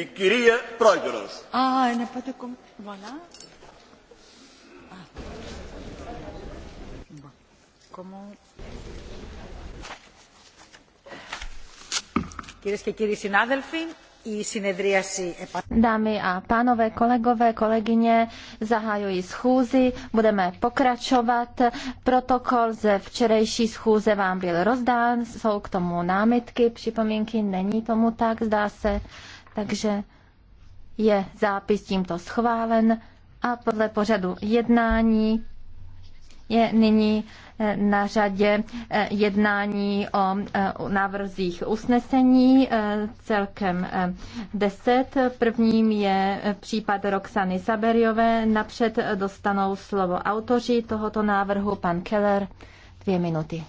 Η κυρία Πρόεδρος. Α, είναι πάτε κομμάτι. Voilà. Comment... Κυρίες και κύριοι συνάδελφοι, η συνεδρίαση... Dámy a pánové, kolegové, kolegyně, zahajuji schůzi, budeme pokračovat. Protokol ze včerejší schůze vám byl rozdán, jsou k tomu námitky, připomínky, není tomu tak, zdá se. Takže je zápis tímto schválen a podle pořadu jednání je nyní eh, na řadě eh, jednání o eh, návrzích usnesení, celkem deset. Prvním je případ Roxany Saberiové. Napřed dostanou slovo autoři tohoto návrhu, pan Keller, dvě minuty.